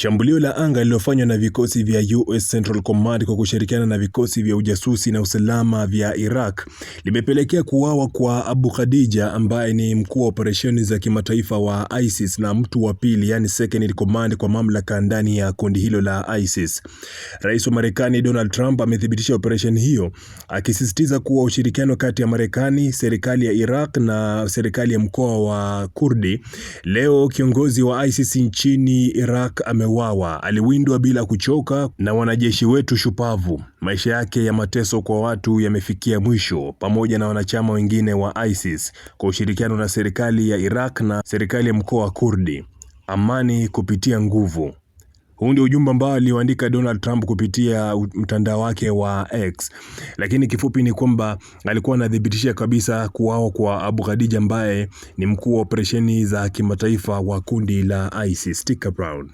Shambulio la anga lililofanywa na vikosi vya US Central Command kwa kushirikiana na vikosi vya ujasusi na usalama vya Iraq limepelekea kuuawa kwa Abu Khadija ambaye ni mkuu wa operesheni za kimataifa wa ISIS na mtu wa pili, yani second in command kwa mamlaka ndani ya kundi hilo la ISIS. Rais wa Marekani Donald Trump amethibitisha operesheni hiyo akisisitiza kuwa ushirikiano kati ya Marekani, serikali ya Iraq na serikali ya mkoa wa Kurdi. Leo kiongozi wa ISIS nchini Iraq ame ameuawa, aliwindwa bila kuchoka na wanajeshi wetu shupavu. Maisha yake ya mateso kwa watu yamefikia mwisho, pamoja na wanachama wengine wa ISIS kwa ushirikiano na serikali ya Iraq na serikali ya mkoa wa Kurdi. Amani kupitia nguvu. Huu ndio ujumbe ambao aliuandika Donald Trump kupitia mtandao wake wa X, lakini kifupi ni kwamba alikuwa anathibitisha kabisa kuwao kwa Abu Khadija ambaye ni mkuu wa operesheni za kimataifa wa kundi la ISIS. Stick around.